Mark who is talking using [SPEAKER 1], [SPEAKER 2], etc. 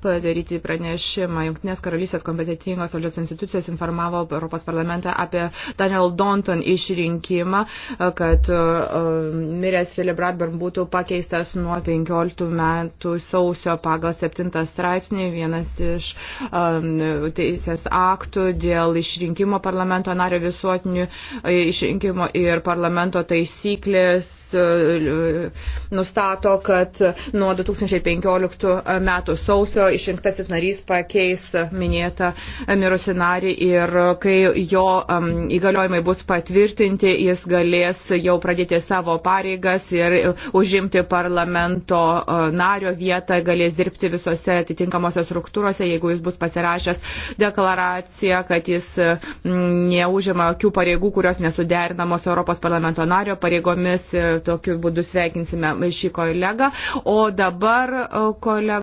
[SPEAKER 1] padaryti pranešimą. Junktinės karalystės kompetitingos valdžios institucijos informavo Europos parlamentą apie Daniel Donton išrinkimą, kad e, miręs Philip Bradburn būtų pakeistas nuo 15 metų sausio pagal 7 straipsnį, vienas iš um, teisės aktų dėl išrinkimo parlamento nario visuotinių e, išrinkimo ir parlamento taisyklės E, nustato, kad nuo 2015 metų sausio išrinktasis narys pakeis minėtą mirusi narį ir kai jo įgaliojimai bus patvirtinti, jis galės jau pradėti savo pareigas ir užimti parlamento e, nario vietą, galės dirbti visose atitinkamosios struktūrose, jeigu jis bus pasirašęs deklaraciją, kad jis neužima jokių pareigų, kurios nesuderinamos Europos parlamento nario pareigomis ir tokiu būdu sveikinsime šį kolegą. O dabar, e, kolega,